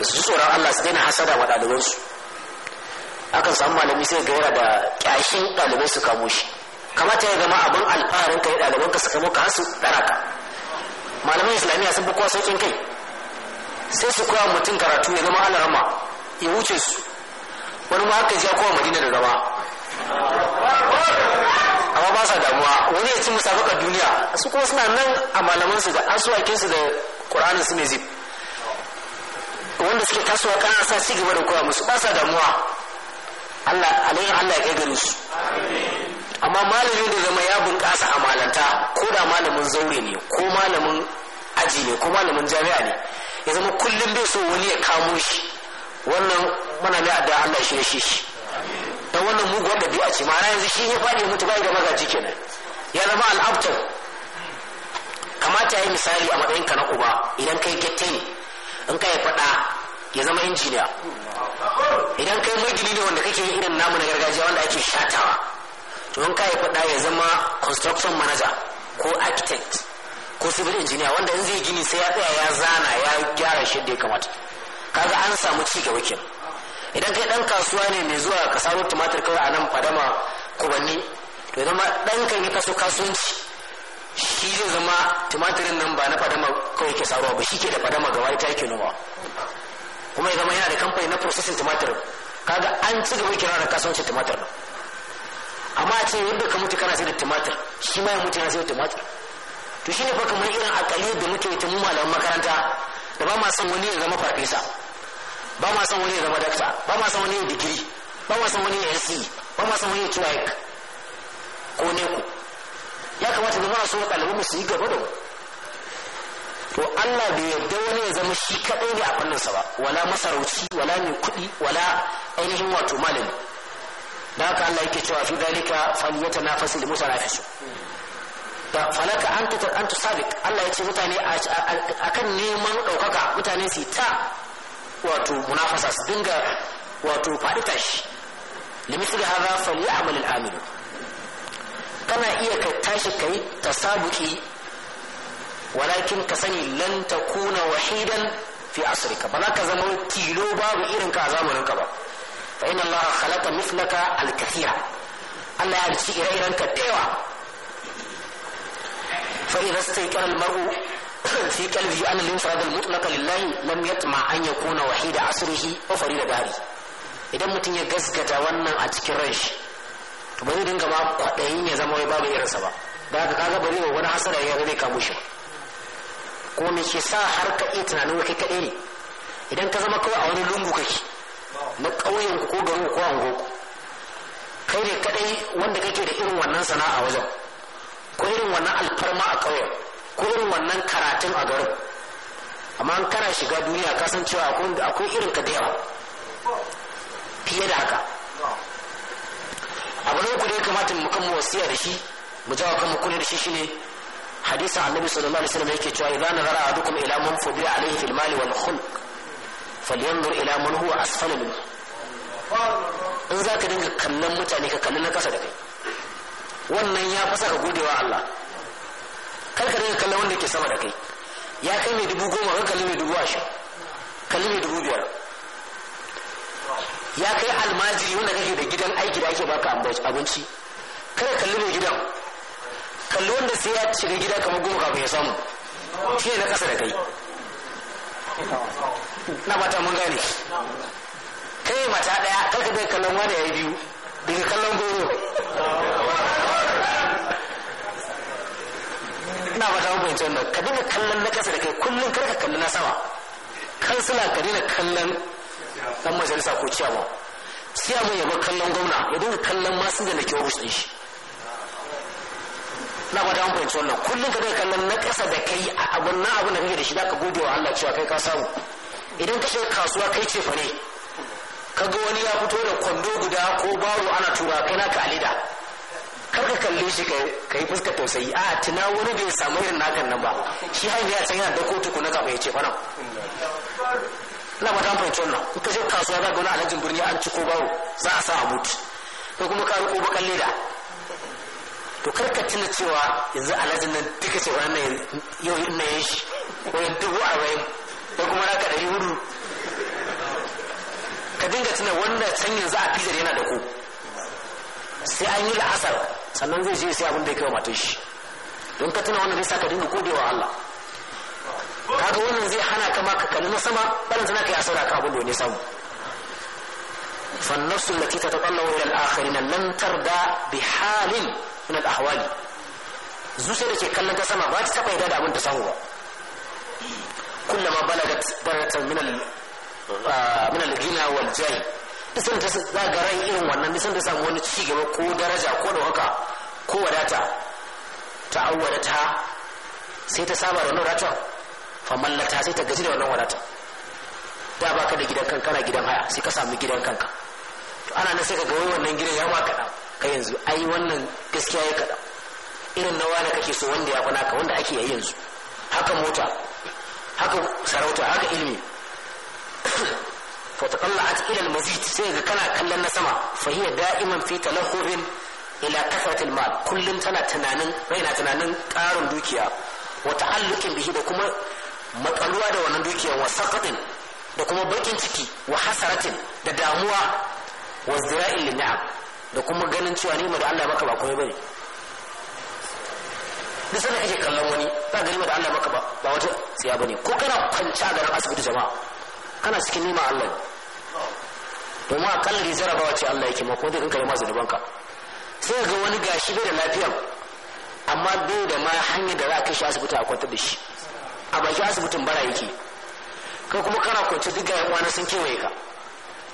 da su tsoron Allah su daina hasada wa ɗalibansu akan samu malami sai ga yara da ƙyashin ɗalibai su kamo shi kamata ya zama abin alfaharin kai ka su kamo ka hasu ɗara ka malaman islamiyya sun fi kowa sauƙin kai sai su kowa mutum karatu ya zama alarama ya wuce su wani ma haka ya kowa madina da rama amma ba sa damuwa wani ya ci musabakar duniya su kuma suna nan a malamansu da asuwakinsu da su mai zip wanda suke tasowa kana sa ci gaba da koya musu ba sa damuwa Allah alayhi Allah ya gani su amma malamin da zama ya bunƙasa a malanta ko da malamin zaure ne ko malamin aji ne ko malamin jami'a ne ya zama kullum bai so wani ya kamo shi wannan mana ne addu'a Allah shi ne shi shi dan wannan muguwar a ci ma'ana yanzu shi ya faɗi mutu bai da magaji kenan ya zama al'abtar kamata ya yi misali a matsayin ka na uba idan kai gette in ka yi faɗa ya zama injiniya idan kai magini ne wanda kake irin namu na gargajiya wanda ake shatawa to in ka yi ya zama construction manager ko architect ko civil engineer wanda in zai gini sai ya tsaya ya zana ya gyara shi da ya kamata kaga an samu ci gaba wakil idan kai dan kasuwa ne mai zuwa ka samu tumatir kawai a nan fadama kubanni to zama dan kan yi kaso kasuwanci shi zai zama tumatirin nan ba na fadama kawai ke saruwa ba shi ke da fadama gaba ita yake noma kuma ya zama yana da kamfani na processing tumatir kaga an ci gaba kira da kasuwancin tumatir amma a ce yadda ka mutu kana sai da tumatir shi ma ya mutu yana sai da tumatir to shine fa kamar irin akali da muke ta mu malaman makaranta da ba ma son wani ya zama farfesa ba ma son wani ya zama dakta ba ma son wani ya digiri ba ma son wani ya NCE ba ma son wani ya TUAEC ko ne ku ya kamata da muna so ɗalibin su yi gaba da mu to Allah bai yarda wani ya zama shi kaɗai ne a sa ba wala masarauci wala mai kuɗi wala ainihin wato malami da haka Allah yake cewa fi dalika faliyata na fasili mutanafisu da falaka an ta an ta sabik Allah ya ce mutane akan neman ɗaukaka mutane su ta wato munafasa su dinga wato faɗi tashi limithli hadha falyamal al-amil kana iya ka tashi kai tasabuki walakin ka sani lan kuna wahidan fi asrika ba za ka zama tilo babu irin ka a zamanin ka ba fa ina Allah khalaqa mithlaka al Allah ya halicci ire-iren ka da yawa fa idza stayqana al-mar'u fi qalbi an al-infrad al-mutlaq lillahi lam yatma an yakuna wahida asrihi wa farida dari idan mutum ya gaskata wannan a cikin ran shi to ba zai dinga ma kwaɗayin ya zama wai babu irinsa ba da ka kaga bari wa wani hasara ya zai kamo shi ba ko me ke sa har ka iya tunanin wai kaɗai ne idan ka zama kawai a wani lungu kake na ƙauyen ko garin ko ango kai ne kaɗai wanda kake da irin wannan sana'a a wajen ko irin wannan alfarma a ƙauyen ko irin wannan karatun a garin amma an kana shiga duniya ka san cewa akwai irin ka da yawa fiye da haka abu na uku da ya kamata mu kan wasiya da shi mu jawo kan mu kula da shi shine hadisin annabi sallallahu alaihi wasallam yake cewa idan nazara ahadukum ila man fudi alaihi fil mali wal khulq falyanzur ila man huwa asfala min in za ka dinga kallon mutane ka kalli na kasa da kai wannan ya fasa ka godewa Allah kar ka dinga kallon wanda ke sama da kai ya kai mai dubu goma ka kalli mai dubu ashirin kalli mai dubu biyar ya kai almajiri wanda kake da gidan aiki da ake baka abinci kada kalli mai gidan kalli wanda sai ya shiga gida kamar goma kafin ya samu shi na kasa da kai na mata mun gane kai mata daya ka bai kallon wani ya yi biyu daga kallon goro na mata mun fahimci wannan ka dinga kallon na kasa da kai kullum karka kalli na sama kansila ka dinga kallon dan majalisa ko ciyawa ciyawa ya ba kallon gwamna ya dinga kallon masu da na kyau shi na ba an fahimci wannan kullum ka zai kallon na ƙasa da kai a abun na abun da kake da shi da ka gode wa Allah cewa kai ka samu idan ka shiga kasuwa kai ce fa ne ka ga wani ya fito da kwando guda ko baro ana tura kai na ka alida kar ka kalle shi ka yi fuskar tausayi a tuna wani bai samu irin nakan nan ba shi hanyar ya can yana da kotu kuna ka ya ce fa nan na ba ta fahimci wannan ka shiga kasuwa za ga wani alhajin birni an ci ko baro za a sa a mutu ko kuma ka riko bakan leda to karka tuna cewa yanzu alhajin nan duka ce wannan yau na yin shi wani dubu arba'in ko kuma naka ɗari hudu ka dinga tuna wanda can yanzu a fizar yana da ku sai an yi la'asar sannan zai je sai abin da ya kai matan shi don ka tuna wannan nisa ka dinga wa Allah kaga wannan zai hana ka ma ka kalli na sama balan tana kai asara ka abin da wani samu فالنفس التي تتطلع إلى الآخرين لن ترضى بحال min ahwali zuciya da ke kallon ta sama ba ta taba yadda da abin ta samu ba kullama balagat barata min al ah, min al jai wal sun nisan ta ga ran irin wannan sun ta samu wani ci gaba ko daraja ko haka ko wadata ta awwada ta sai ta saba da wannan wadatar fa mallata sai ta gaji da wannan wadata da baka da gidan kanka kana gidan haya sai ka samu gidan kanka to ana nan sai ka ga wannan gidan ya ma kaɗan ka yanzu ai wannan gaskiya ya kada irin na wani kake so wanda ya kuna ka wanda ake yi yanzu haka mota haka sarauta haka ilimi fataqalla'at ila al-mazid sai ga kana kallon na sama fa hiya da'iman fi talahhurin ila kafarat al-mal kullum tana tunanin raina tunanin karin dukiya wa ta'alluqin bihi da kuma matsaluwa da wannan dukiyar wa saqatin da kuma bakin ciki wa hasaratin da damuwa wa zira'in lin'am da kuma ganin cewa nima da Allah maka ba komai bane duk sanda kake kallon wani ba gani da Allah maka ba ba wata tsiya bane ko kana kwanci a garin asibiti jama'a kana cikin nima Allah ne domin da zara bawa ce Allah yake ko dai in kai da ka sai ga wani gashi bai da lafiyan amma bai da ma hanyar da za a kai shi asibiti a kwantar da shi a bakin asibitin bara yake kai kuma kana kwance duk ga yan uwana sun kewaye ka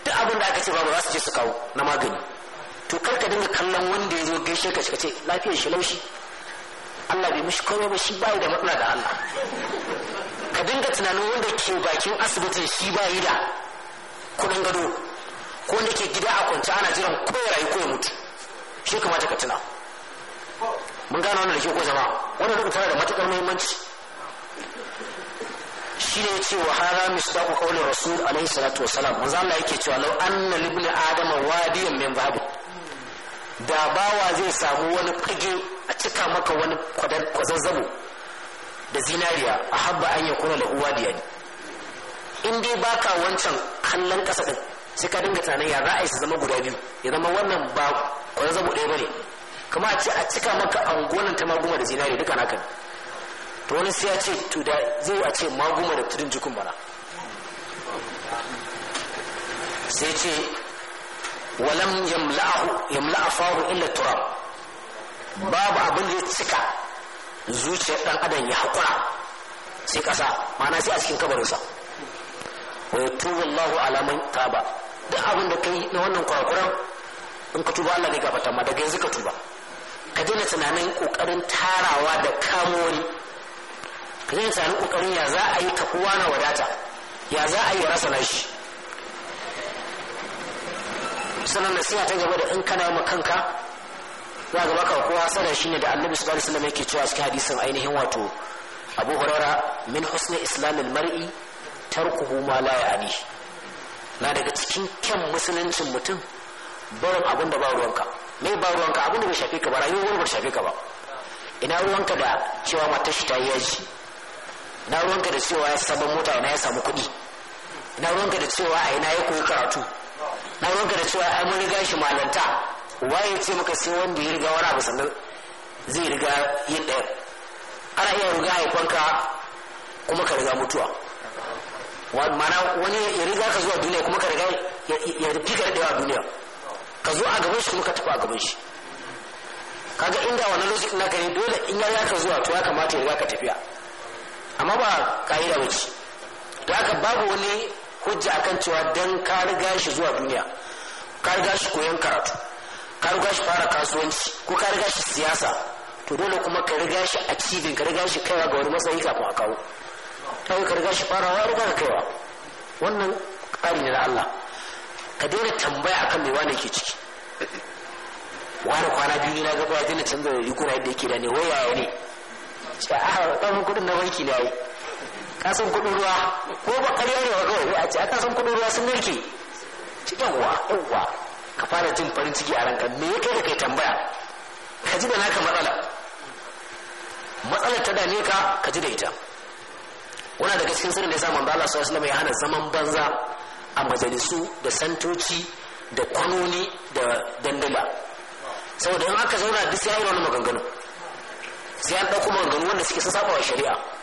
duk abin da aka ce ba za su je su kawo na magani to kar ka dinga kallon wanda ya zo gaishe ka ce lafiyar shi laushi Allah bai mishi komai ba shi bai da matsala da Allah ka dinga tunanin wanda ke bakin asibitin shi bai da kudin gado ko wanda ke gida a kwance ana jiran ko ya rayu ko ya mutu shi kamata ka tuna mun gane wannan da ke ko jama'a wannan duk tana da matukar muhimmanci shi ne ce wa hada misdaqu qawli rasul alaihi salatu wasalam manzo Allah yake cewa law anna libni adama wadiyan min babu da bawa zai samu wani fage a cika maka wani kwazazzabo da zinariya a habba an yakuna da uwa diyani in dai baka wancan kallon kasa ɗin, sai ka dinga tunanin ya ra'ayi su zama guda biyu ya zama wannan ba kwazazzabo ɗaya bane kuma a ce a cika maka angonan ta maguma da zinariya duka naka to wani sai ya ce to da zai a ce maguma da turin jikun bara. sai ce walam yamla'ahu yamla'a fahu illa turab babu abin da ya cika zuciyar dan adam ya hakura sai kasa ma'ana sai a cikin kabarinsa wa yatubu Allahu ala man taba abin da kai na wannan kurakuran in ka tuba Allah zai gafarta ma daga yanzu ka tuba ka daina tunanin kokarin tarawa da kamo wani ka daina tunanin kokarin ya za a yi ka kowa na wadata ya za a yi rasa shi. sannan nasiha ta gaba da in kana ma kanka za ga maka kowa sanar shi ne da annabi sallallahu alaihi wasallam yake cewa cikin hadisin ainihin wato abu huraira min husni islamil mar'i tarkuhu ma la ya'ni na daga cikin kyan musuluncin mutum barin abin da ba ruwanka me ba ruwanka abin da bai shafe ka ba rayuwar wani bai shafe ka ba ina ruwanka da cewa matar shi ta yi yaji ina ruwanka da cewa ya sabon mota ina ya samu kuɗi ina ruwanka da cewa a ina ya koyi karatu na ruwanka da cewa ai mun riga shi malanta waye ce maka sai wanda ya riga wani abu sannan zai riga yin ɗaya ana iya riga haifanka kuma ka riga mutuwa mana wani ya riga ka zuwa duniya kuma ka riga ya fi karɗewa duniya ka zo a gaban shi kuma ka tafi a gaban shi kaga inda wannan lokacin ina gani dole in ya ka zuwa to ya kamata ya riga ka tafiya amma ba yi da ce da haka babu wani hujja akan cewa dan ka riga shi zuwa duniya ka riga shi koyon karatu ka riga shi fara kasuwanci ko ka riga shi siyasa to dole kuma ka riga shi a cibin ka riga shi kaiwa ga wani matsayi kafin a kawo kai ka riga shi wa riga kaiwa wannan kari ne na Allah ka daina tambaya akan mai wani ke ciki wani kwana biyu na gaba ya daina canza da rikuna yadda yake da ne wai yaya ne ce a ɗan kudin na banki ne yayi kasan kudin ruwa ko ba karya ne ba kawai a ce a kasan kudin ruwa sun narke yawwa yawwa ka fara jin farin ciki a ranka me ya kai da kai tambaya ka ji da naka matsala matsalar ta dame ka ka ji da ita wani daga cikin sirrin da ya sa manzo Allah sallallahu alaihi ya hana zaman banza a majalisu da santoci da kwanoni da dandala saboda in aka zauna duk sai ya yi wani maganganu sai an ɗauko maganganu wanda suke sun saba wa shari'a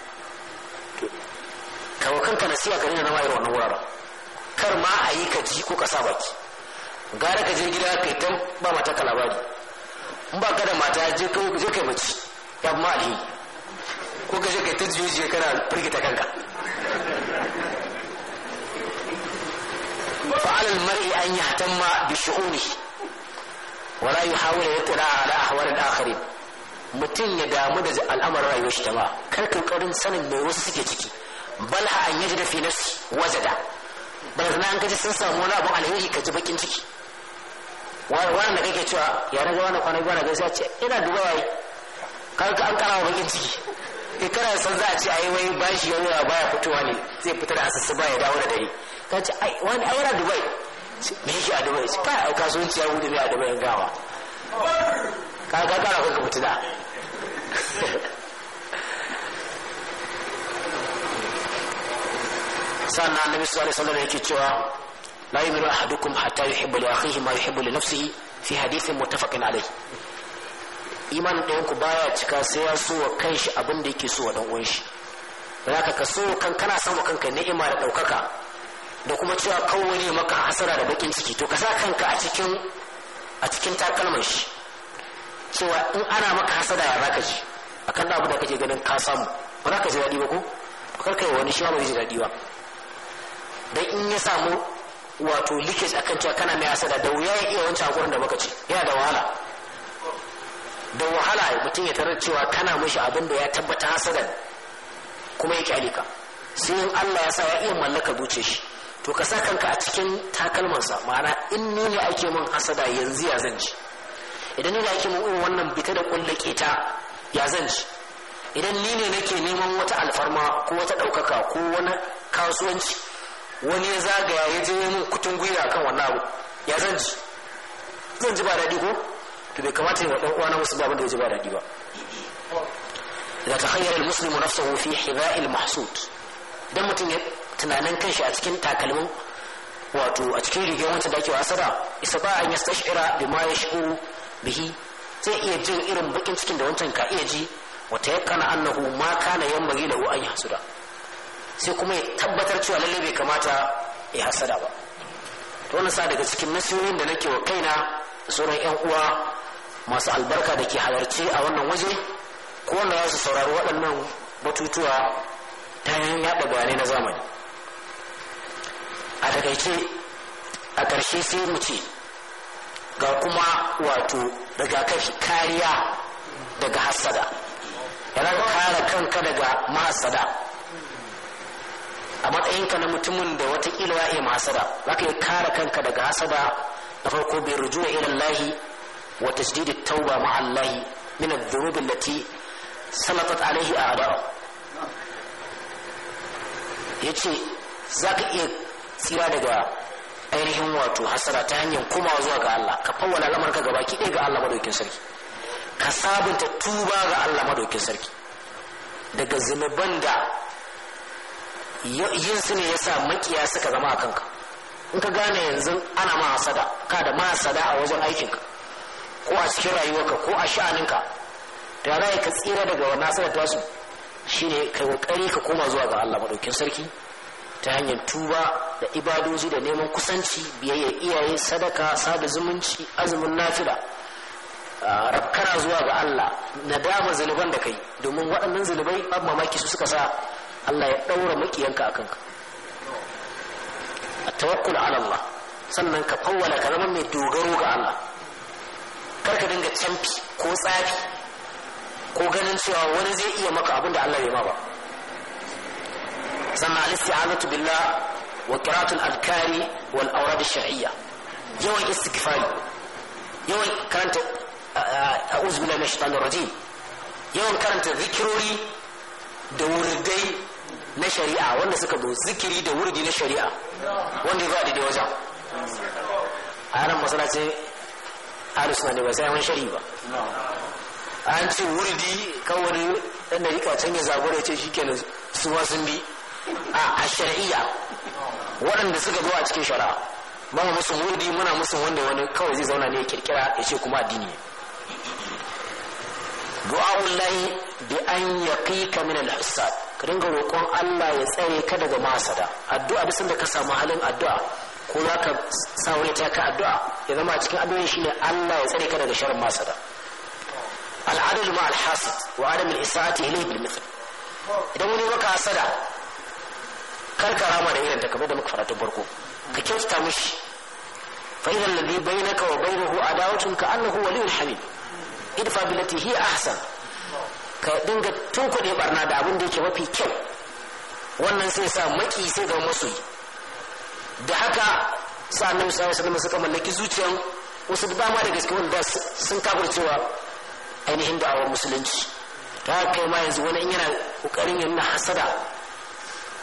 kawo kanka siya ka na na irin wannan wuraren kar ma a yi ka ji ko ka sa baki gara ka je gida ka yi ta ba mata ka labari in ba ka da mata je ka je kai mace ya ma alheri ko ka je kai ta jiyoyi kana firgita kanka فعلى المرء أن يهتم بشؤونه ولا a ala على أحوال الآخرين mutum ya damu da al'amarin rayuwar shi ta ba kar ka karin sanin mai wasu suke ciki bal ha an yajida fi nafsi wajada bal na an kaji sun samu wani abun alheri ka ji bakin ciki wani da kake cewa ya na ga wani kwana biyu na gaisa ce ina duba waye kaga an karawa bakin ciki in kana san za a ce ai wai bashi ya wuya baya fitowa ne zai fita da asusu ba ya dawo da dare ka ce ai wani aura dubai me yake a dubai ka kai kasuwanci ya wuce ne a dubai gawa ka ga kara kuka fitina sannan annabi sallallahu alaihi wasallam yake cewa la yu'minu ahadukum hatta yuhibba li akhihi ma yuhibbu li nafsihi fi hadithin muttafaqin alayhi imanin ɗayan ku baya cika sai ya so wa kanshi abin da yake so wa dan uwan shi zaka ka so kan kana san wa kanka ni'ima da ɗaukaka da kuma cewa kawai maka hasara da bakin ciki to ka sa kanka a cikin a cikin takalman shi cewa in ana maka hasada ya zaka ji akan abu da kake ganin ka samu ba za ka ji daɗi ba ko ba kai wani shi ma ba zai ji daɗi ba dan in ya samu wato leakage akan cewa kana mai hasada da wuya ya iya wancan hakurin da muka ci yana da wahala da wahala mutum ya tarar cewa kana mishi abin da ya tabbata hasadan kuma ya alika sai in Allah ya sa ya iya mallaka zuce shi to ka sa kanka a cikin takalmansa ma'ana in ni ne ake min hasada yanzu ya zan ci idan ni ne ake min irin wannan bita da kullake ta ya zan ci idan ni ne nake neman wata alfarma ko wata ɗaukaka ko wani kasuwanci wani ya zagaya ya je min kutun gwiwa kan wannan abu ya zan ji zan ji ba daɗi ko to bai kamata ya ɗan uwana musu ba da ya ji ba daɗi ba da ta hanyar muslimu nafsahu fi hiba'il mahsud dan mutum ya tunanin kanshi a cikin takalmin wato a cikin rigar wancan da ake wasara isa ba an yastashira ya shigo bihi zai iya jin irin bakin cikin da wancan ka iya ji wata yakana annahu ma kana yamma lahu an hasuda. sai kuma ya tabbatar cewa lalle bai kamata ya hasada ba to wannan sa daga cikin nasihohin da nake wa kaina da sauran yan uwa masu albarka da ke halarci a wannan waje ko wanda za su saurari waɗannan batutuwa ta hanyar yaɗa bayanai na zamani a takaice a ƙarshe sai mu ce ga kuma wato rigakafi kariya daga hasada yana kare kanka daga mahasada a matsayinka na mutumin da wata watakila ya iya hasada zaka yi kare kanka daga hasada na farko bai rujuwa ilallahi wa at tauba ma allahi min adh-dhunub allati salatat alayhi a'da yace za ka iya tsira daga ainihin wato hasara ta hanyar komawa zuwa ga Allah ka fawwala lamarka gaba ki ga Allah madaukin sarki ka sabunta tuba ga Allah madaukin sarki daga zunuban da yin su ne sa makiya suka zama a kanka in ka gane yanzu ana ma hasada ka da ma hasada a wajen aikinka ko a cikin rayuwarka ko a sha'aninka da za ka tsira daga wannan hasada ta su shine kai kokari ka koma zuwa ga Allah madaukin sarki ta hanyar tuba da ibadoji da neman kusanci biyayya iyaye sadaka sada zumunci azumin nafila kana zuwa ga Allah nadama zuluban da kai domin waɗannan zulubai amma mamaki su suka sa Allah ya ɗaura makiyanka a kanka a tawakkul ala Allah sannan ka fawwala ka zama mai dogaro ga Allah kar ka dinga canfi ko tsafi ko ganin cewa wani zai iya maka abin Allah ya ma ba sannan al-isti'anatu billah wa qira'atul adkari wal awrad ash-shar'iyya yawan istighfari yawan karanta a'udhu billahi minash shaitanir rajim yawan karanta zikirori da wurdai na shari'a wanda suka zo zikiri da wurdi na shari'a wanda zuwa daidai wajen a nan masalacin ahlus na ne ba sai wani shari'a ba an ce wurdi kawai ɗan da rika can ya zagora ce shi ke suwa sun bi a shari'a waɗanda suka zo a cikin shari'a ba mu musu wurdi muna musu wanda wani kawai zai zauna ne ya kirkira ya ce kuma addini du'a wallahi bi an yaqika min al-husad ka dinga roƙon Allah ya tsare ka daga masada addu'a duk da ka samu halin addu'a ko za ka sa wani ka addu'a ya zama cikin addu'o'in shine Allah ya tsare ka daga sharrin masada al'adul ma al-hasad wa adam al-isa'ati ilayhi bil mithl idan wani maka hasada kar ka rama da irin ta kamar da muka faratu farko ka kyauta mishi fa idan ladhi bainaka wa bainahu adawatun ka annahu waliyyun hamid idfa billati hi ahsan ka dinga tunkuɗe barna da abin da yake mafi kyau wannan sai sa maki sai ga masoyi da haka sa annabi sallallahu alaihi wasallam suka mallaki zuciyan wasu da dama da gaske wanda sun cewa ainihin da'awar musulunci ta haka kai ma yanzu wani in yana kokarin yin hasada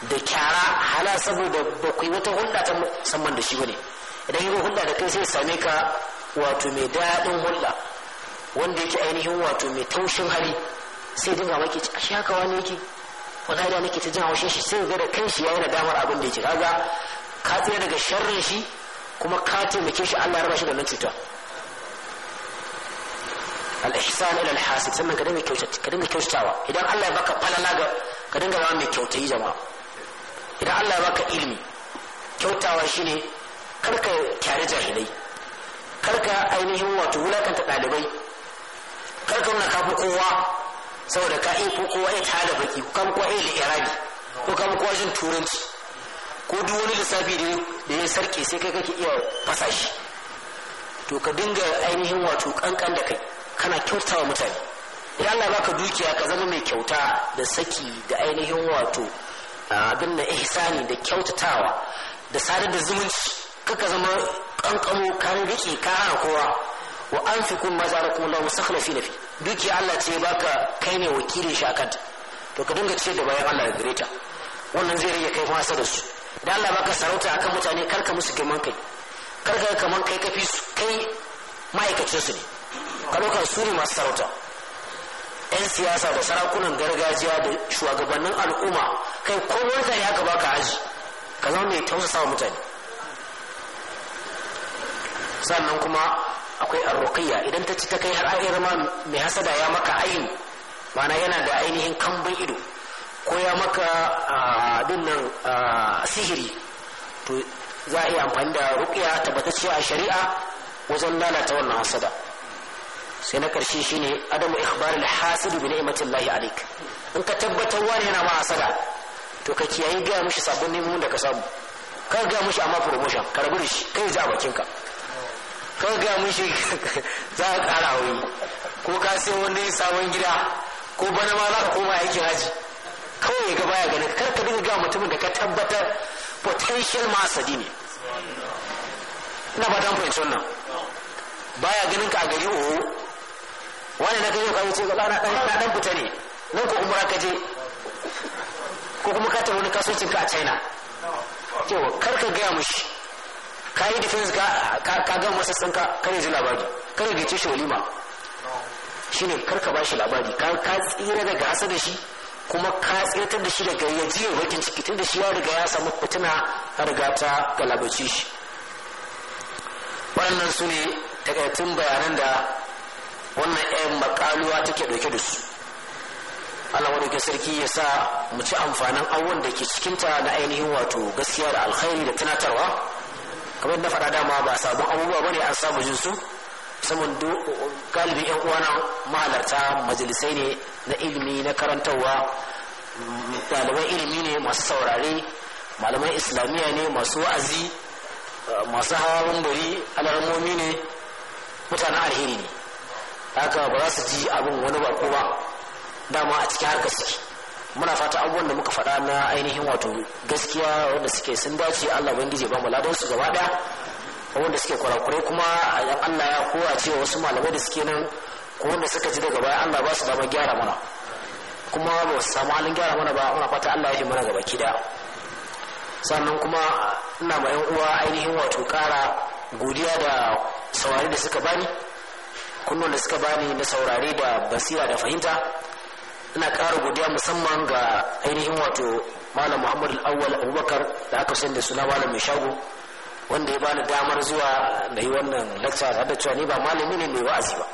da kyara hala saboda ba ku yi wata hulɗa ta musamman da shi bane idan yi hulɗa da kai sai same ka wato mai daɗin hulɗa wanda yake ainihin wato mai taushin hali sai dinga maki ci ashe haka wani yake wani da nake ta jin haushin shi sai ga da kanshi yayi damar abin da ci kaga ka tsira daga sharrin shi kuma ka taimake shi Allah ya raba shi da nan cuta al-ihsan ila al-hasib sannan ka dinga kyautata ka dinga kyautatawa idan Allah ya baka falala ga ka dinga ba mai kyautayi jama'a idan Allah ya baka ilimi kyautawa shine karka kyare jahilai karka ainihin wato wulakanta ɗalibai karka wani kafin kowa saboda ka iya ko kowa iya tada baki ko kan kowa iya ko kan kowa turanci ko duk wani lissafi da ya sarke sai kai kake iya fasa shi to ka dinga ainihin wato kankan da kai kana kyautawa mutane idan Allah baka dukiya ka zama mai kyauta da saki da ainihin wato abin da ihsani da kyautatawa da sadar da zumunci kaka zama kankamo kan rike ka kowa wa an fi kun maza rakun lahu sakna fi nafi duki Allah ce baka kai ne wakilin shi akan to ka dinga ce da bayan Allah ya gare wannan zai rage kai masa da su da Allah baka sarauta akan mutane karka musu girman kai karka kaman kai kafi su kai ma'aikacin su ne ka ɗauka su ne masu sarauta 'yan siyasa da sarakunan gargajiya da shugabannin al'umma kai ko ka ya gaba ka aji ka zama mai tausasa wa mutane sannan kuma akwai arruqiyya idan ta ci ta kai har ai zama mai hasada ya maka ayin mana yana da ainihin kambun ido ko ya maka abin nan sihiri to za a iya amfani da ruqya tabbatacce a shari'a wajen lalata wannan hasada sai na karshe shine adamu ikhbar al-hasid bi ni'matillahi alayk in ka tabbatar wani yana ma hasada to ka kiyaye ga mishi sabon neman da ka samu ka ga mishi amma promotion ka rabu da shi kai ji a ka. kawai ga mun shi za a kara aure ko ka sai wanda ya sabon gida ko bana ma za ka koma aikin haji kawai ya gaba ya gani kar ka dinga ga mutumin da ka tabbatar potential masadi ne ina ba dan fahimci wannan baya ganin ka a gari oho wani na kai ka wuce gaba na dan fita ne nan ko umra ka je ko kuma ka tafi wani kasuwancin ka a china to kar ka gaya mushi ka yi defense ka ga masa ka kar ji labari kar ya gaice shi walima ne karka ba bashi labari ka tsira daga hasa da shi kuma ka tsirtar da shi daga ya ji bakin ciki tun da shi ya riga ya samu fitina a riga ta galabace shi waɗannan su ne takaitun bayanan da wannan yan makaluwa take ɗauke da su Allah wani sarki ya sa mu ci amfanin awon da ke cikinta na ainihin wato gaskiya da alkhairi da tunatarwa kamar na faɗa dama ba sabon abubuwa bane an samu jinsu su saman galibin yan uwana mahalarta majalisai ne na ilimi na karantarwa ɗaliban ilimi ne masu saurare malaman islamiyya ne masu wa'azi masu hawan bari alarmomi ne mutane alheri ne haka ba za su ji abin wani bako ba dama a cikin harkar suke muna fata abubuwan da muka faɗa na ainihin wato gaskiya wanda suke sun dace Allah ubangiji ba mu ladan su gaba daya wanda suke kurakure kuma yan Allah ya koya cewa wasu malamai da suke nan ko wanda suka ji daga baya Allah ba su dama gyara mana kuma ba su samu halin gyara mana ba muna fata Allah ya yi mana gaba kida sannan kuma ina ma yan uwa ainihin wato ƙara godiya da saurari da suka bani Kunnu da suka bani na saurari da basira da fahimta ina ƙara godiya musamman ga ainihin wato malam muhammadu al'awwal abubakar da aka san da suna malam mai shago wanda ya bani damar zuwa da yi wannan lacca har da cewa ni ba malami ne mai wa'azi ba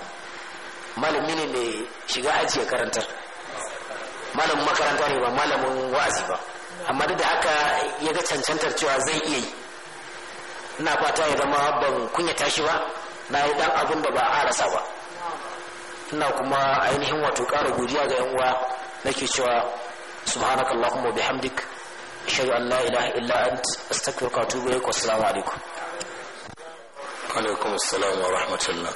malami ne mai shiga aji karantar malamin makaranta ne ba malamin wa'azi ba amma duk da haka ya ga cancantar cewa zai iya yi ina fata ya zama ban kunya tashi ba na yi dan abin da ba a rasa ba ina kuma ainihin wato ƙara godiya ga yan uwa nake cewa subhanaka allahumma bihamdik ashhadu an la ilaha illa ant astaghfiruka wa atubu ilaik assalamu alaikum alaikum assalam wa rahmatullah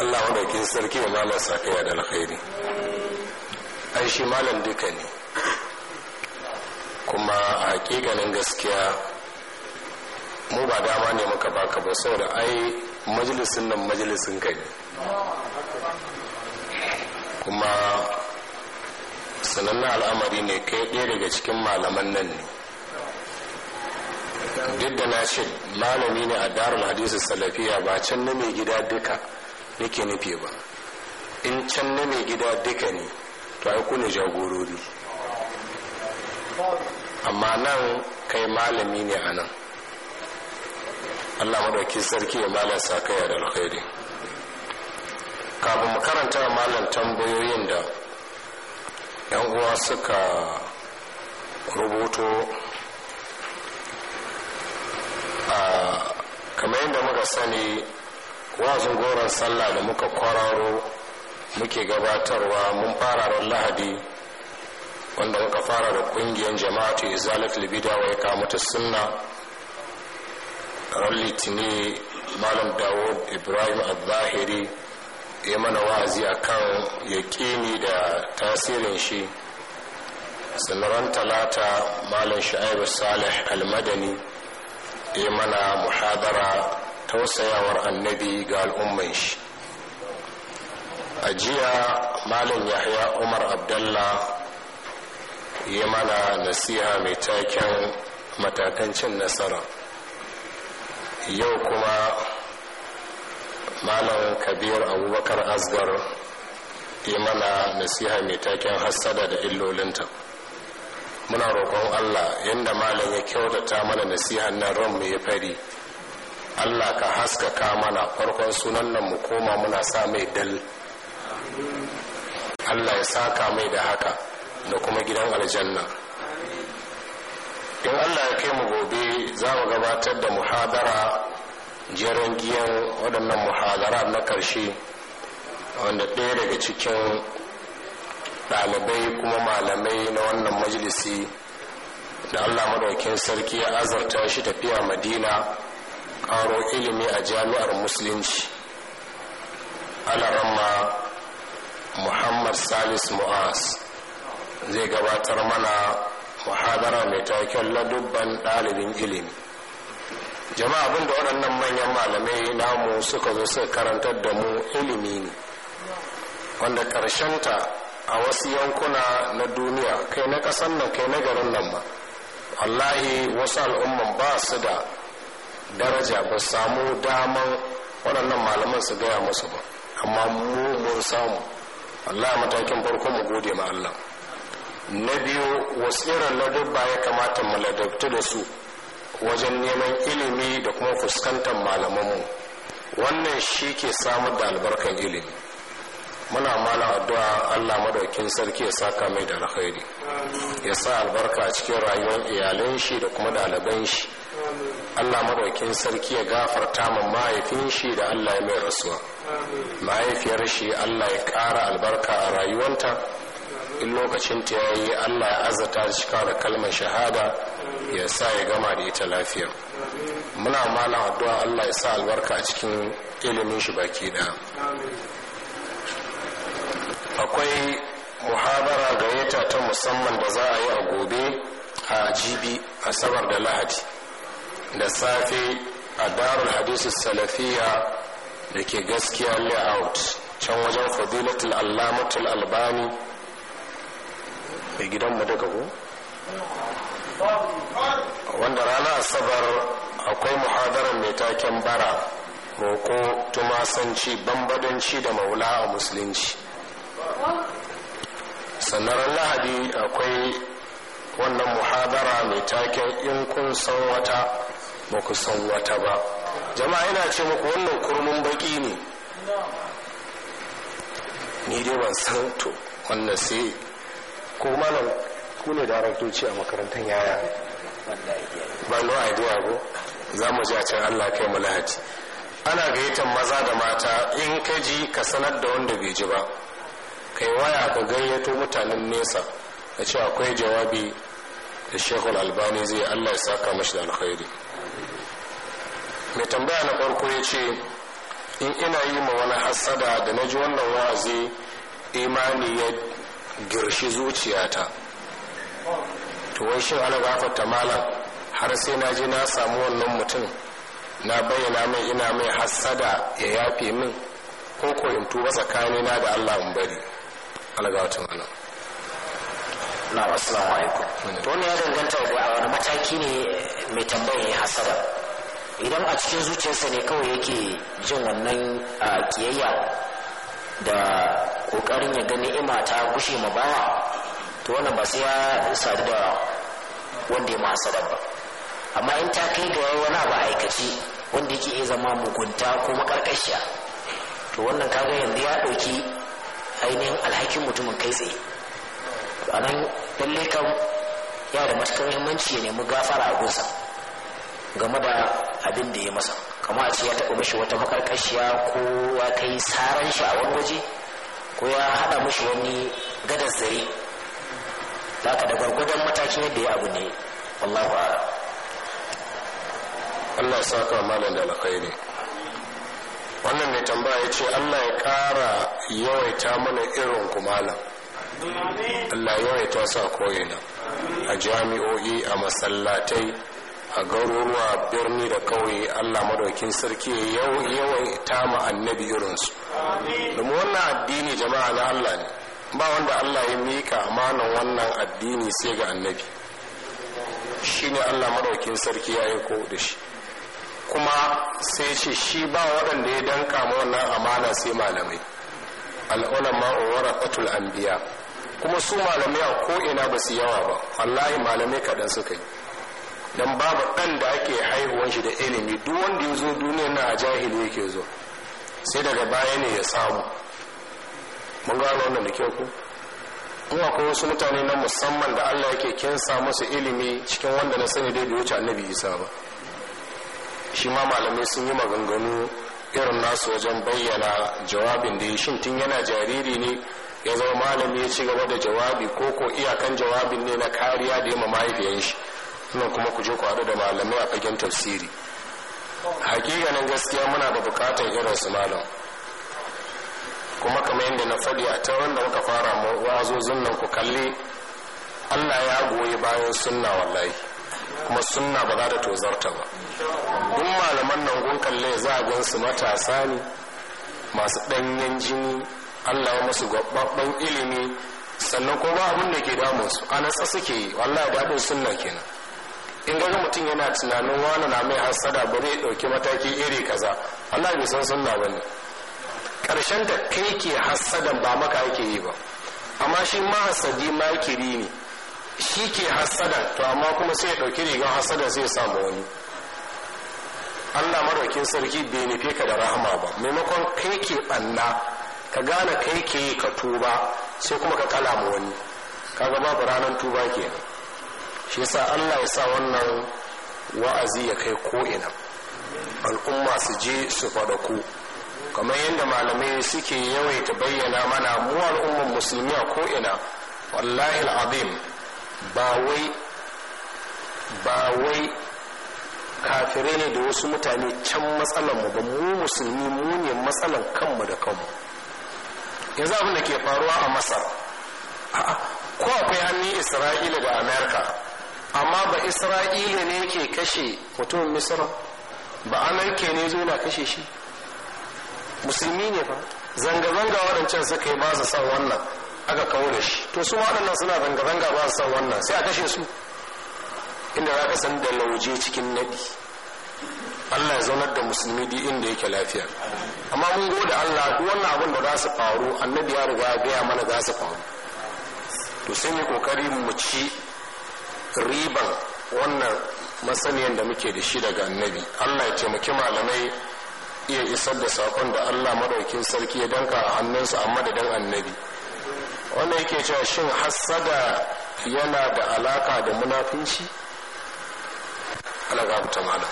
Allah madaukin sarki wa malam sakaya da alkhairi ai shi malam duka ne kuma a hakikanin gaskiya mu ba dama ne muka baka ba saboda ai majalisin nan majalisin kai ne kuma sanannen al'amari ne kai ɗaya daga cikin malaman nan ne duk da na ce malami ne a darul hadisi salafiya ba can na mai gida duka nake nufi ba in can na mai gida duka ne to ai kuna jagorori amma nan kai malami ne a nan allah maɗauki sarki ya malasa kai da alkhairi kafin mu karanta malam tambayoyin da yan uwa suka rubuto a kamar yadda muka sani wazin goron sallah da muka kwararo muke gabatarwa mun fara ran lahadi wanda muka fara da kungiyar jama'atu izalat libida wa ya kamata sunna ran litini malam dawo ibrahim al-zahiri ya mana wa'azi a kan yaƙini da tasirin shi sanaran talata malam sha'ibu salih almadani ya mana muhadara tausayawar annabi ga al'umman shi a jiya malam yahya umar Abdullah ya mana nasiha mai taken matakancin nasara yau kuma malam kabir abubakar asgar yi mana nasiha mai taken hassada da illolinta muna roƙon allah yadda malam ya kyautata mana nasihan nan ran mu ya fari allah ka haskaka mana farkon sunan nan mu koma muna sa mai dal allah ya saka mai da haka da kuma gidan aljanna in allah ya kai mu gobe za mu gabatar da muhadara jiran giyan waɗannan muhazara na ƙarshe wanda ɗaya daga cikin ɗalibai kuma malamai na wannan majalisi da allah maɗaukin sarki ya azarta shi tafiya madina ƙaro ilimi a jami'ar musulunci alarama muhammad salis Mu'as zai gabatar mana muhazara mai taken ladubban ɗalibin ilimi jama'a abin da waɗannan manyan malamai namu suka zo suka karantar da mu ilimi ne wanda ta a wasu yankuna na duniya kai na ƙasan nan kai na garin nan ma wallahi wasu al'umman ba su da daraja ba samu daman waɗannan malaman su gaya musu ba amma mu mun samu wallahi matakin farko mu gode ma Allah na biyu wasu irin ladabba ya kamata mu ladabtu da su wajen neman ilimi da kuma fuskantar malamanmu wannan shi ke samar da albarkan ilimi muna mala addu'a allah madaukin sarki ya saka mai da alkhairi ya sa albarka cikin rayuwar iyalan shi da kuma ɗaliban shi allah madaukin sarki ya gafarta ma mahaifin shi da allah ya mai rasuwa mahaifiyar shi allah ya ƙara albarka a rayuwanta in lokacin ta yayi allah ya azata cika da kalmar shahada ya sa ya gama da ita lafiya muna mala addu'a Allah ya sa albarka a cikin ilimin shi baki da akwai muhabara gayyata ta musamman da za a yi a gobe a jibi asabar da lahadi da safe a darul hadisi salafiya da ke gaskiya layout can wajen fadilatul allamatul albani mai gidanmu daga ku wanda ranar asabar akwai muhadarar mai taken bara roko tumasanci bambadanci da maula a musulunci sannan lahadi akwai wannan muhadara mai taken in kun san wata ba ku san wata ba jama'a yana ce muku wannan kurmin baki ne ni dai ban san to wannan sai ko malam ku ne daraktoci a makarantar yaya bando idiya ko za mu ji a can allah kai mu lahadi ana gayyatar maza da mata in ka ji ka sanar da wanda bai ji ba kai waya ka gayyato mutanen nesa ka ce akwai jawabi da shekul albani zai allah ya saka mashi da alkhairi mai tambaya na farko ya ce in ina yi ma wani hassada da na ji wannan wa'azi imani ya girshi zuciyata to wai shin ana ta malam har sai na je na samu wannan mutum na bayyana mai ina mai hasada ya yafe min ko ko in tuba tsakanina da Allah in bari algawatun malam na assalamu alaikum to ne ya danganta da a wani mataki ne mai tambayar ya idan a cikin zuciyarsa ne kawai yake jin wannan kiyayya da kokarin ya gani ima ta gushe ma bawa to wannan ba sai ya sadu da wanda ya ma ba amma in ta kai ga wani abu aikace wanda yake iya zama mugunta ko makarkashiya to wannan kaga yanzu ya ɗauki ainihin alhakin mutumin kai tsaye a nan lalle kan ya da matukar muhimmanci ya nemi gafara a gunsa game da abin da ya masa kama a ce ya taɓa mashi wata makarkashiya ko ya kai saran shi a wani waje ko ya haɗa mashi wani gadar zare da da gwargwadon matakin yadda ya abu ne wallahu a'lam Allah ya saka malam da alkhairi wannan mai tambaya ya ce Allah ya ƙara yawaita mana irin kumala Allah yawaita a koyina a jami'o'i a masallatai a garuruwa birni da kauye Allah madaukin sarki yawaita ma annabi irinsu domin wannan addini jama'a na Allah ne ba wanda Allah ya mika amanan wannan addini sai ga annabi Shi ne Allah maɗaukin sarki ya yi ko da shi kuma sai ce shi ba waɗanda ya danka ma wannan amana sai malamai al'ulama atul anbiya kuma su malamai a ko'ina ba su yawa ba wallahi malamai kaɗan suka yi Dan babu ɗan da ake haihuwan shi da ilimi duk wanda ya zo duniya na a jahili yake zo sai daga baya ne ya samu mun gano wannan da ke ku in akwai wasu mutane na musamman da allah yake kinsa musu ilimi cikin wanda na sani dai bai wuce annabi isa ba shi ma malamai sun yi maganganu irin nasu wajen bayyana jawabin da ya tun yana jariri ne ya zama malami ya ci gaba da jawabi ko ko iyakan jawabin ne na kariya da yamma mahaifiyan shi nan kuma ku je ku haɗu da malamai a fagen tafsiri hakikanin gaskiya muna da bukatar irin su malam kuma kamar yadda na faɗi a ta wanda muka fara mu wazozin nan ku kalli allah ya goyi bayan sunna wallahi kuma sunna ba za ta tozarta ba duk malaman nan gun kalle za a gansu matasa ne masu ɗanyen jini allah ya musu ilimi sannan ko ba abin da ke damun su a nasa suke yi wallahi abin sunna kenan in ga mutum yana tunanin wani na mai hasada ba zai ɗauki mataki iri kaza allah bai san sunna ba ne karshen da kai ke hasadan ba maka ake yi ba amma shi mahasadi makiri ne shi ke hasada to amma kuma sai ya ɗauki rigar hasada sai ya samu wani allah maraukin sarki bai nufe ka da rahama ba maimakon kai ke banna ka gane kai ke ka tuba sai kuma ka kala ma wani kaga babu ranar tuba kenan shi sa allah ya sa wannan wa'azi ya kai ko'ina al'umma su je su faɗa ku kamar yadda malamai suke yawaita bayyana mana mu al'ummar musulmi a ko'ina wallahi al'adim ba wai kafirai ne da wasu mutane can mu ba mu musulmi mu ne matsalan kanmu da kanmu yanzu abin da ke faruwa a masar ko akwai hannun isra'ila da amerika amma ba isra'ila ne ke kashe mutumin misra ba amerika ne zo na kashe shi musulmi ne ba zanga-zanga waɗancan suka yi ba su san wannan aka kawo da shi to su waɗannan suna zanga-zanga ba su san wannan sai a kashe su inda za ka san da lauje cikin nadi. allah ya zaunar da musulmi duk inda yake lafiya amma mun gode allah duk wannan abin da za su faru annabi ya riga gaya mana za su faru to sai mu kokari mu ci riban wannan masaniyan da muke da shi daga annabi allah ya taimaki malamai iya isar da sakon da Allah maɗaukin sarki ya danka a hannunsa a madadin annabi wanda yake cewa shin hassada yana da alaka da munafinci alaga ta mana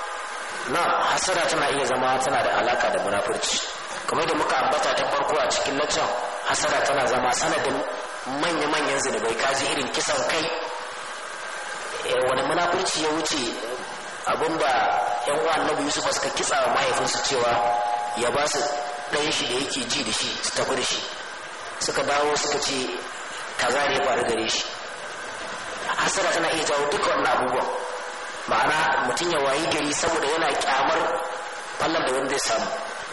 na hassada tana iya zama tana da alaka da munafurci kamar da muka ambata ta farko a cikin laccan hassada tana zama sanadin manya-manyan zunubai kaji irin kisan kai eh, wani munafurci ya wuce abin da yan uwa annabi yusuf suka kitsa wa mahaifinsu cewa ya ba su ɗan shi da yake ji da shi su tafi da shi suka dawo suka ce kaza ne faru gare shi hasara tana iya jawo duka wannan abubuwan ma'ana mutum ya wayi gari saboda yana kyamar fallon da wanda ya samu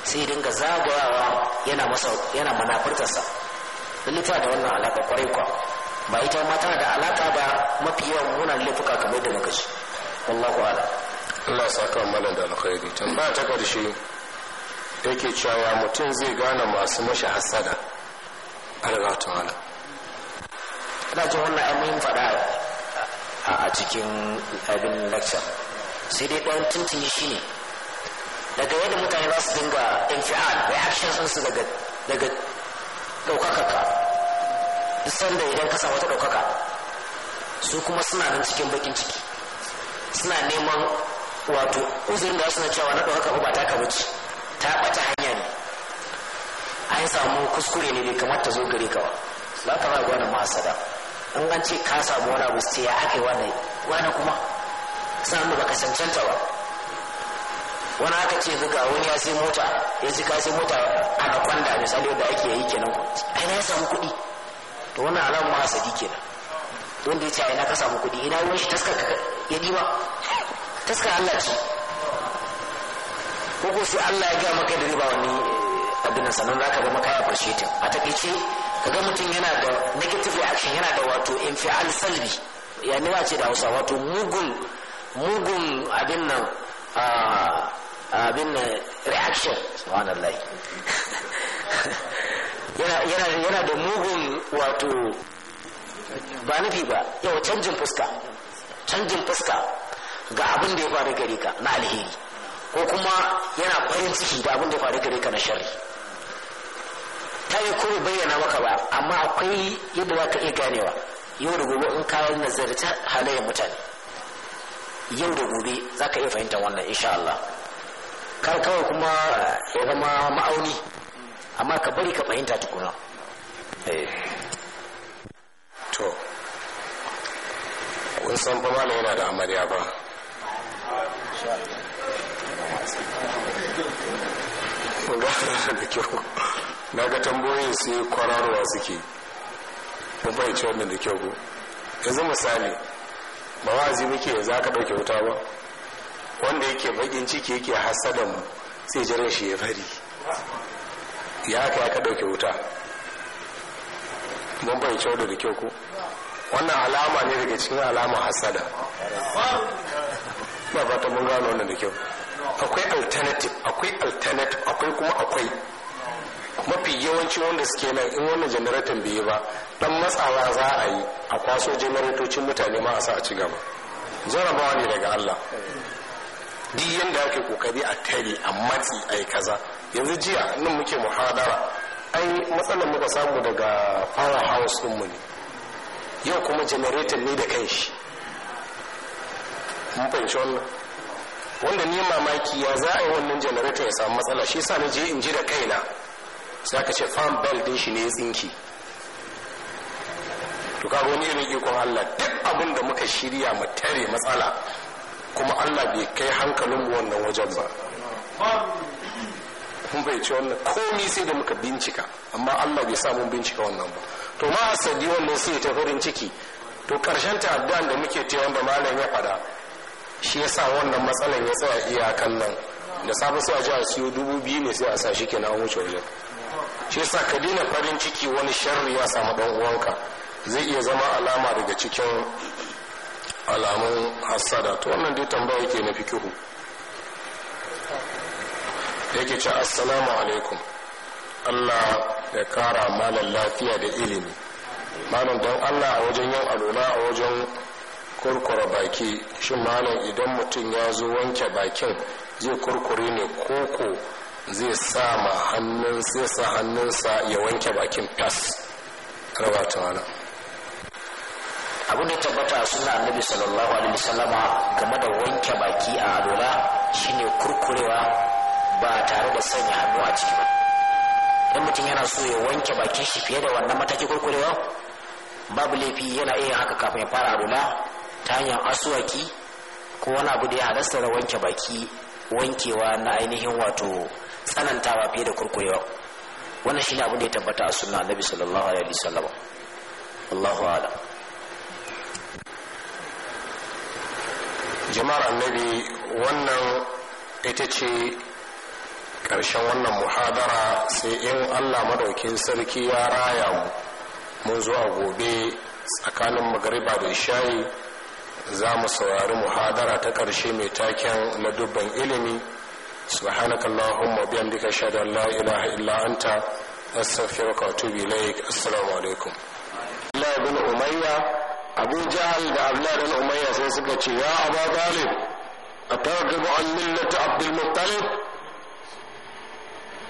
sai dinga zagayawa yana masa yana munafurtarsa lalita da wannan alaka kwarai kwa ba ita ma tana da alaka ba mafi yawan munan laifuka kamar da muka ci wallahu a'lam Allah saka malam da alkhairi tambaya ta karshe yake cewa mutum zai gane masu mashi hasada Allah ta da ji wannan amin fada a cikin abin lecture sai dai ɗan tuntuni shi ne daga yadda mutane za su dinga infial reaction sun su daga daga Duk sanda idan ka samu ta ɗaukaka su kuma suna nan cikin bakin ciki suna neman wato uzurin da suna cewa na ɗauka kaɓu ba ta ka wuce ta ɓata hanya ne an samu kuskure ne bai kamar ta zo gare ka ba za ka ba gwanin ma da in an ce ka samu wani abu sai ya aka yi wannan wani kuma sa'an da baka cancanta ba wani aka ce zuga wani ya sai mota ya ji ka sai mota ana kwanda misali da ake yi kenan ku ai na samu kuɗi to wannan alamun ma sadi kenan wanda ya ce ai na ka samu kuɗi ina ruwan shi taskar ya ba taskar Allah ce ko ko sai Allah ya ga maka da riba wani abin nan sannan zaka ga maka ya fashe ta a takeice kaga mutum yana da negative reaction yana da wato infial salbi ya ne ce da Hausa wato mugun mugun abin nan abin nan reaction subhanallah yana da mugun wato ba nufi ba yau canjin fuska canjin fuska ga abin da ya faru gare ka na alheri ko kuma yana farin ciki da abin da ya faru gare ka na sharri ta yi kawai bayyana maka ba amma akwai yadda za ka iya ganewa yau da gobe in kayan nazarta halayen mutane yau da gobe za ka iya fahimtar wannan insha Allah kar kawai kuma ya zama ma'auni amma ka bari ka fahimta tukuna eh. to kun san fa yana da amarya ba na ga tambayoyin sai kwararwa suke ba fahimci wannan da kyau yanzu misali ba wa'azi muke yanzu aka ɗauke wuta ba wanda yake bakin ciki yake hasadan mu sai jiran shi ya fari ya haka ya ka ɗauke wuta mun fahimci wannan da kyau ko wannan alama ne daga cikin alama hasada ba ba ta mun gano wannan da kyau akwai alternative akwai alternative akwai kuma akwai mafi yawanci wanda suke nan in wannan janaratan bai ba dan matsawa za a yi a kwaso janaratocin mutane ma a sa a ci gaba jarabawa ne daga Allah duk yanda ake kokari a tare a matsi a yi kaza yanzu jiya nan muke muhadara ai matsalar muka samu daga power house mu ne yau kuma generator ne da kanshi mun fahimci wannan wanda ni mamaki ya za a yi wannan janareta ya samu matsala shi sa na je in ji da kaina sai aka ce fan bell din shi ne ya tsinki to kaga wani irin ikon Allah duk abin da muka shirya mu tare matsala kuma Allah bai kai hankalin mu wannan wajen ba kun bai ci wannan komi sai da muka bincika amma Allah bai samu bincika wannan ba to ma asadi wannan sai ta farin ciki to karshen ta addu'an da muke ta wanda malam ya fada shi yasa wannan matsalan ya tsaya iyakan nan da safe sai a ji a siyo dubu biyu ne sai a sa shi ke na wuce wajen shi yasa ka daina farin ciki wani sharri ya samu dan uwanka zai iya zama alama daga cikin alamun hassada to wannan dai tambaya yake na fikihu yake ce assalamu alaikum allah ya kara malam lafiya da ilimi malam don allah a wajen yin alula a wajen kurkura baki shi malam idan mutum ya zo wanke bakin zai kurkure ne koko zai sa ma hannun sai sa hannunsa ya wanke bakin tas. raba ta wani abin da tabbata suna annabi sallallahu alaihi wasallama game da wanke baki a adola shine kurkurewa ba tare da sanya hannu a ciki ba idan mutum yana so ya wanke bakin shi fiye da wannan mataki kurkurewa babu laifi yana iya haka kafin ya fara adola. ta hanyar asuwaki ko wani abu da ya halasta da wanke baki wankewa na ainihin wato tsanantawa fiye da kurkurewa wannan shine abin da ya tabbata a sunna annabi sallallahu alaihi wasallam Allahu a'lam jama'ar annabi wannan ita ce ƙarshen wannan muhadara sai in allah madaukin sarki ya raya mu mun zuwa gobe tsakanin magariba da shayi za mu saurari muhadara ta ƙarshe mai taken na dubban ilimi subhanakallahumma bihamdika shada la ilaha illa anta astaghfiruka wa atubu ilaik assalamu alaikum Allah bin Umayya Abu Jahl da Abdullah bin Umayya sai suka ce ya Abu Talib atarghabu an millati Abdul Muttalib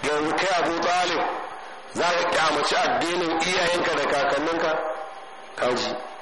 yanzu kai Abu Talib za ka kyamaci addinin iyayenka da kakanninka kaji